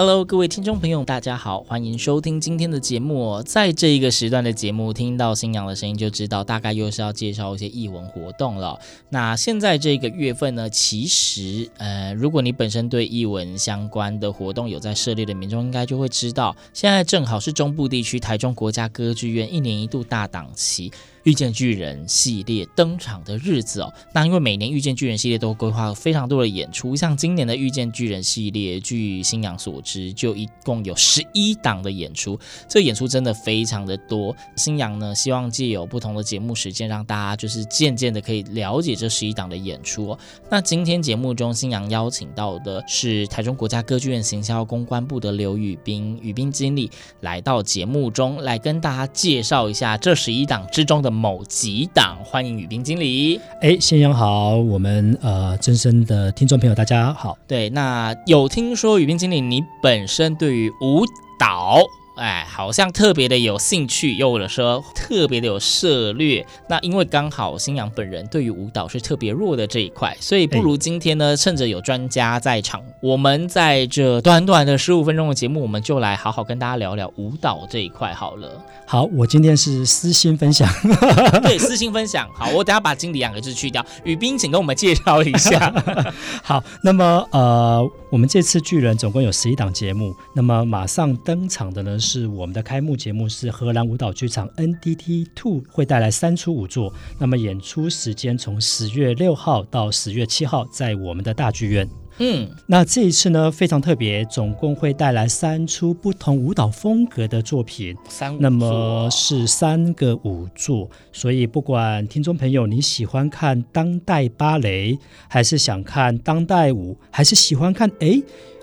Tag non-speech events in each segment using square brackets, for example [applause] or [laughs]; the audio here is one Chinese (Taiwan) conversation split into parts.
Hello，各位聽眾朋友，大家好，歡迎收聽今天的節目。在這一個時段的節目，聽到星洋的聲音就知道，大概又是要介紹一些藝文活動了。那現在這個月份呢，其實，呃，如果你本身對藝文相關的活動有在涉獵的民眾，應該就會知道，現在正好是中部地區台中國家歌劇院一年一度大檔期。遇見巨人系列登場的日子哦，那因為每年遇見巨人系列都規劃非常多的演出，像今年的遇見巨人系列，據星洋所知，就一共有十一檔的演出，這個、演出真的非常的多。星洋呢，希望藉由不同的節目時間，讓大家就是漸漸的可以了解這十一檔的演出，哦。那今天節目中，星洋邀請到的是台中國家歌劇院行銷公關部的劉宇彬，宇彬經理來到節目中來跟大家介紹一下這十一檔之中的。某集檔，歡迎宇彬經理。哎，星洋好，我們呃，真身的聽眾朋友，大家好。對，那有聽說宇彬經理，你本身對於舞蹈，哎，好像特別的有興趣，又或者說特別的有涉獵。那因為剛好星洋本人對於舞蹈是特別弱的這一塊，所以不如今天呢，欸、趁着有專家在場，我們在這短短的十五分鐘的節目，我們就來好好跟大家聊聊舞蹈這一塊好了。好，我今天是私心分享， [laughs] 對，私心分享。好，我等一下把“經理”兩個字去掉。宇彬，請跟我們介紹一下。 [laughs] 好，那麼呃，我們這次巨人總共有十一檔節目，那麼馬上登場的呢是。是我們的開幕節目，是荷蘭舞蹈劇場 N D T Two 會帶來三出舞作，那麼演出時間從十月六號到十月七號，在我們的大劇院。嗯，那這一次呢非常特別，總共會帶來三出不同舞蹈風格的作品。三，那麼是三個舞作，所以不管聽眾朋友你喜歡看當代芭蕾，還是想看當代舞，還是喜歡看哎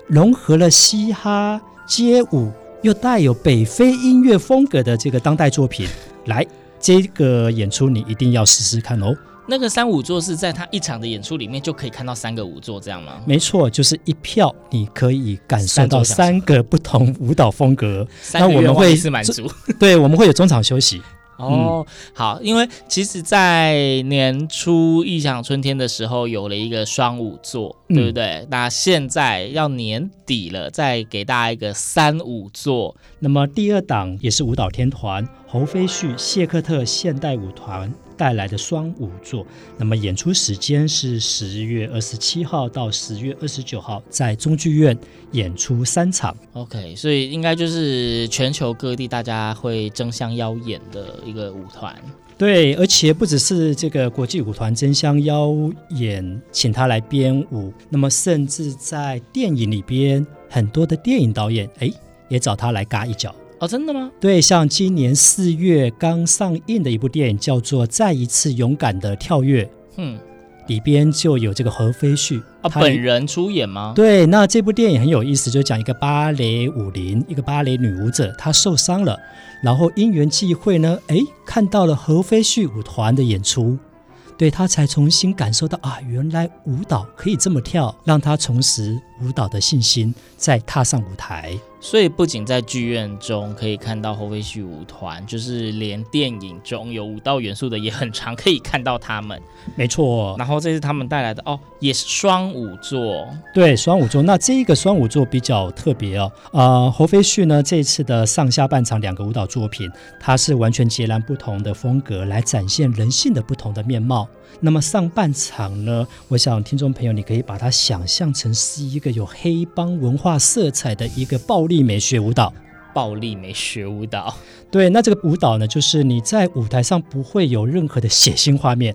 融合了嘻哈街舞。又帶有北非音樂風格的這個當代作品，來這個演出你一定要試試看哦。那個三舞作是在他一場的演出裡面就可以看到三個舞作這樣嗎？沒錯，就是一票你可以感受到三個不同舞蹈風格。三，那我們會滿足？對，我們會有中場休息。哦，嗯、好，因為其實，在年初《異想春天》的時候有了一個雙舞作，對不對？嗯、那現在要年底了，再給大家一個三舞作。那麼第二檔也是舞蹈天團，侯非胥、謝克特現代舞團。帶來的雙舞作，那麼演出時間是十月二十七號到十月二十九號，在中劇院演出三場。OK，所以應該就是全球各地大家會爭相邀演的一個舞團。對，而且不只是這個國際舞團爭相邀演，請他來編舞，那麼甚至在電影裡邊，很多的電影導演誒、欸，也找他來嘎一腳。哦，真的嗎？對，像今年四月剛上映的一部電影叫做《再一次勇敢的跳躍》，嗯，裡邊就有這個何飛旭啊，他本人出演嗎？對，那這部電影很有意思，就講一個芭蕾舞伶，一個芭蕾女舞者，她受傷了，然後因緣際會呢，誒，看到了何飛旭舞團的演出，對，她才重新感受到啊，原來舞蹈可以這麼跳，讓她重拾。舞蹈的信心，再踏上舞台。所以不僅在劇院中可以看到侯非胥舞團，就是連電影中有舞蹈元素的也很常可以看到他們。沒錯，然後這次他們帶來的哦，也是雙舞作。對，雙舞作，那這一個雙舞作比較特別哦。呃，侯非胥呢，這次的上下半場兩個舞蹈作品，它是完全截然不同的風格來展現人性的不同的面貌。那麼上半場呢，我想聽眾朋友你可以把它想象成是一個。有黑幫文化色彩的一個暴力美學舞蹈，暴力美學舞蹈，對。那這個舞蹈呢，就是你在舞台上不會有任何的血腥畫面，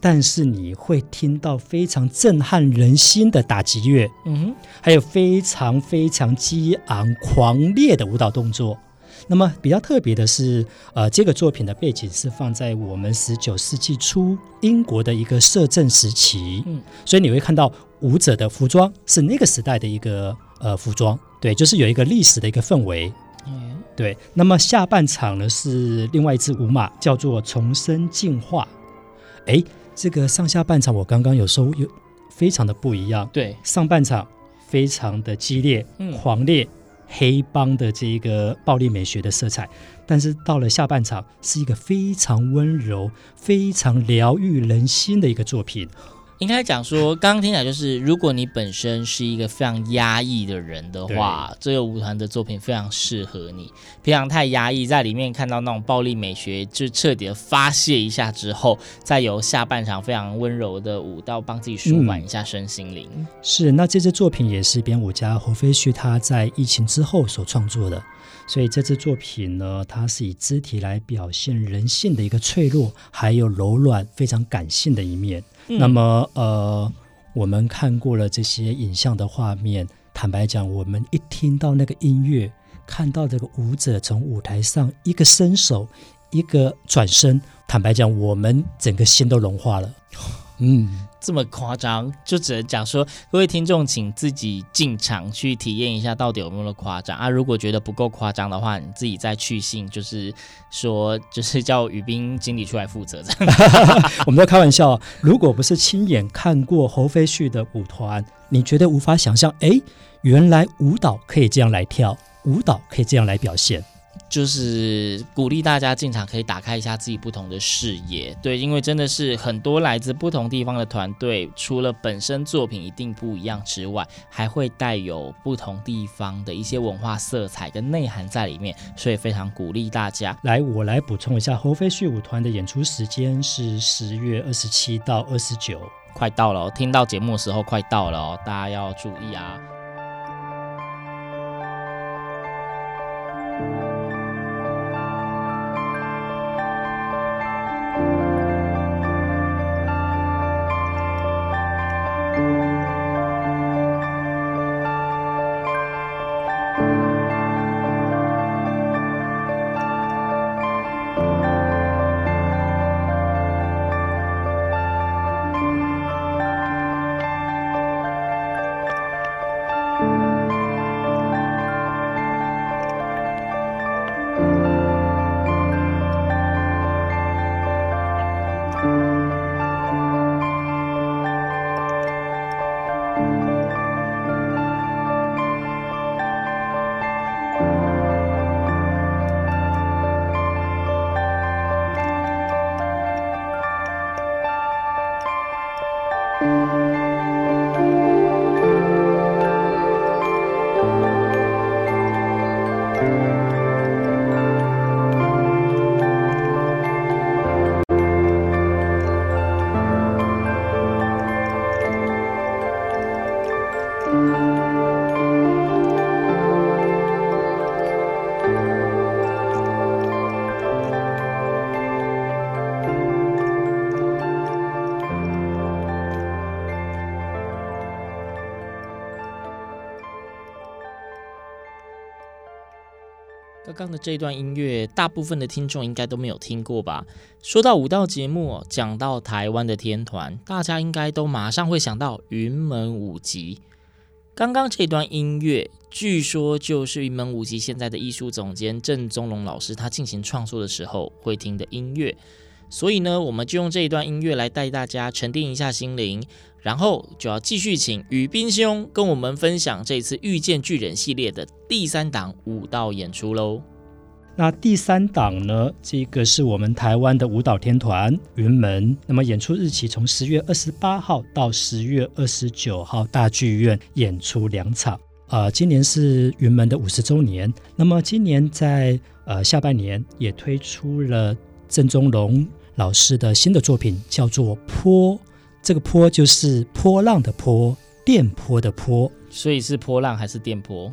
但是你會聽到非常震撼人心的打擊樂，嗯，還有非常非常激昂狂烈的舞蹈動作。那麼比較特別的是，呃，這個作品的背景是放在我們十九世紀初英國的一個攝政時期，嗯，所以你會看到。舞者的服裝是那個時代的一個呃服裝，對，就是有一個歷史的一個氛圍。嗯、對，那麼下半場呢是另外一支舞碼叫做“重生進化”。誒，這個上下半場我剛剛有說有非常的不一樣。對，上半場非常的激烈、嗯、狂烈、黑幫的這一個暴力美學的色彩，但是到了下半場是一個非常溫柔、非常療癒人心的一個作品。應該講說，剛剛聽起來就是，如果你本身是一個非常壓抑的人的話，對這個舞團的作品非常適合你。平常太壓抑，在裡面看到那種暴力美學，就徹底的發泄一下之後，再由下半場非常溫柔的舞蹈幫自己舒緩一下身心靈、嗯。是，那這支作品也是編舞家侯非胥他在疫情之後所創作的。所以這支作品呢，它是以肢體來表現人性的一個脆弱，還有柔軟、非常感性的一面。嗯、那麼，呃，我們看過了這些影像的畫面，坦白講，我們一聽到那個音樂，看到這個舞者從舞台上一個伸手、一個轉身，坦白講，我們整個心都融化了。嗯。這麼誇張，就只能講說各位聽眾，請自己進場去體驗一下，到底有沒有那麼誇張啊？如果覺得不夠誇張的話，你自己再去信，就是說，就是叫宇彬經理出來負責。我們在開玩笑，如果不是親眼看過侯飛旭的舞團，你絕對無法想象，哎，原來舞蹈可以這樣來跳，舞蹈可以這樣來表現。就是鼓勵大家進場可以打開一下自己不同的視野，對，因為真的是很多來自不同地方的團隊，除了本身作品一定不一樣之外，還會帶有不同地方的一些文化色彩跟內涵在裡面，所以非常鼓勵大家來。我來補充一下，侯非胥舞團的演出時間是十月二十七到二十九，快到了哦，聽到節目的時候快到了哦，大家要注意啊。剛剛的這段音樂，大部分的聽眾應該都沒有聽過吧？說到舞蹈節目，講到台灣的天團，大家應該都馬上會想到雲門舞集。剛剛這段音樂，據說就是雲門舞集現在的藝術總監鄭宗龍老師他進行創作的時候會聽的音樂。所以呢，我們就用這一段音樂來帶大家沉澱一下心靈。然後就要繼續請宇彬兄跟我們分享這次《遇見巨人》系列的第三檔舞蹈演出嘍。那第三檔呢，這個是我們台灣的舞蹈天團雲門。那麼演出日期從十月二十八號到十月二十九號，大劇院演出兩場。呃，今年是雲門的五十週年。那麼今年在呃下半年也推出了鄭宗龍老師的新的作品，叫做《波》。這個“坡”就是“波浪”的“波”，“電波”的“波”，所以是“波浪”還是“電波”？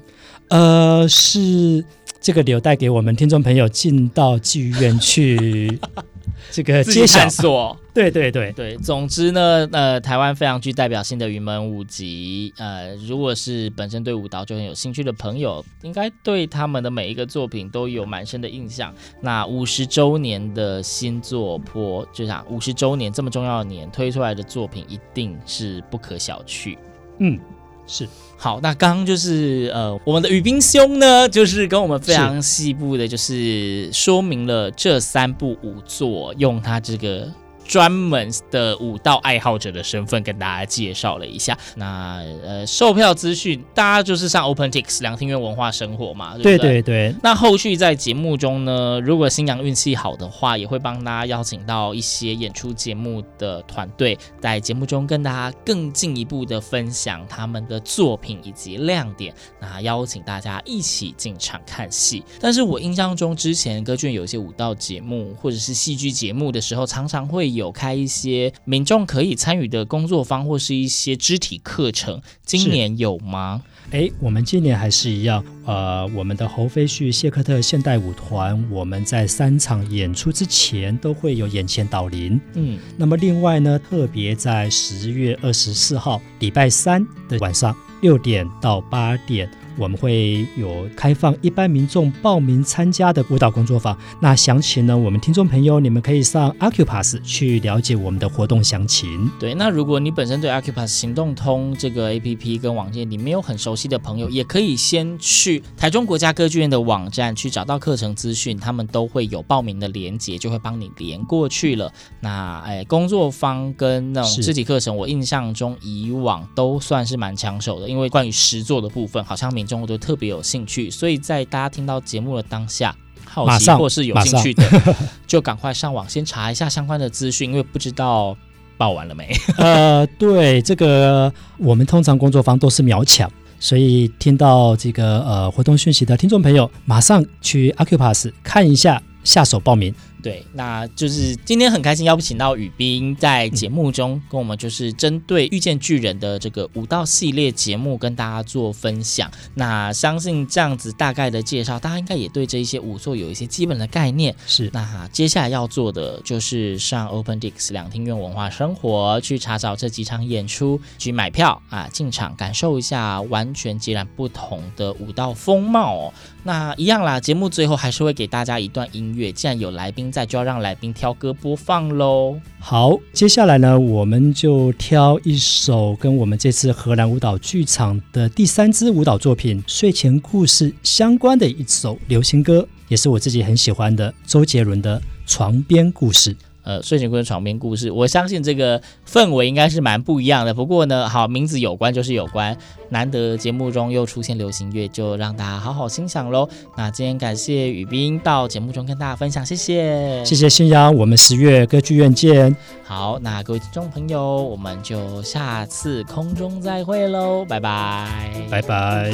呃，是這個留帶給我們聽眾朋友進到劇院去。 [laughs] 這個接線索， [laughs] 對對對對，總之呢，呃，台灣非常具代表性的雲門舞集，呃，如果是本身對舞蹈就很有興趣的朋友，應該對他們的每一個作品都有蠻深的印象。那五十周年的新作波，就像，五十周年這麼重要的年，推出來的作品一定是不可小覷。嗯。是好，那剛剛就是呃，我們的宇彬兄呢，就是跟我們非常細部的，就是說明了這三部舞作，用，他這個。專門的舞蹈愛好者的身份跟大家介紹了一下。那呃，售票資訊大家就是上 OpenTix 兩廳院文化生活嘛。對對對。那後續在節目中呢，如果星洋運氣好的話，也會幫大家邀請到一些演出節目的團隊，在節目中跟大家更進一步的分享他們的作品以及亮點。那邀請大家一起進場看戲。但是我印象中之前歌劇院有一些舞蹈節目或者是戲劇節目的時候，常常會有。有開一些民眾可以參與的工作坊，或是一些肢體課程，今年有嗎？誒，我們今年還是一樣，呃，我們的侯飛旭謝克特現代舞團，我們在三場演出之前都會有演前導聆。嗯，那麼另外呢，特別在十月二十四號禮拜三的晚上六點到八點。我們會有開放一般民眾報名參加的舞蹈工作坊，那詳情呢？我們聽眾朋友，你們可以上 Acupass 去了解我們的活動詳情。對，那如果你本身對 Acupass 行動通這個 APP 跟網頁你沒有很熟悉的朋友，也可以先去台中國家歌劇院的網站去找到課程資訊，他們都會有報名的鏈接，就會幫你連過去了。那哎，工作坊跟那種肢體課程，是我印象中以往都算是蠻搶手的，因為關於實作的部分，好像明。中我都特別有興趣，所以在大家聽到節目的當下，好奇上或是有興趣的，上就趕快上網 [laughs] 先查一下相關的資訊，因為不知道報完了沒。 [laughs] 呃，對，這個我們通常工作坊都是秒搶，所以聽到這個呃活動訊息的聽眾朋友，馬上去 Accupass 看一下，下手報名。對，那就是今天很開心邀請到宇彬在節目中跟我們就是針對《遇見巨人》的這個舞蹈系列節目跟大家做分享。那相信這樣子大概的介紹，大家應該也對這一些舞作有一些基本的概念。是，那、啊、接下來要做的就是上 OPENTIX 兩廳院文化生活去查找這幾場演出，去買票啊，進場感受一下完全截然不同的舞蹈風貌。哦，那一樣啦，節目最後還是會給大家一段音樂。既然有來賓在。現在就要讓來賓挑歌播放嘍。好，接下來呢，我們就挑一首跟我們這次荷蘭舞蹈劇場的第三支舞蹈作品《睡前故事》相關的一首流行歌，也是我自己很喜歡的周杰倫的《床邊故事》。呃，睡前的床邊故事，我相信這個氛圍應該是蠻不一樣的。不過呢，好名字有關，就是有關。難得節目中又出現流行樂，就讓大家好好欣賞嘍。那今天感謝宇彬到節目中跟大家分享，謝謝，謝謝星洋，我們十月歌劇院見。好，那各位聽眾朋友，我們就下次空中再會嘍，拜拜，拜拜。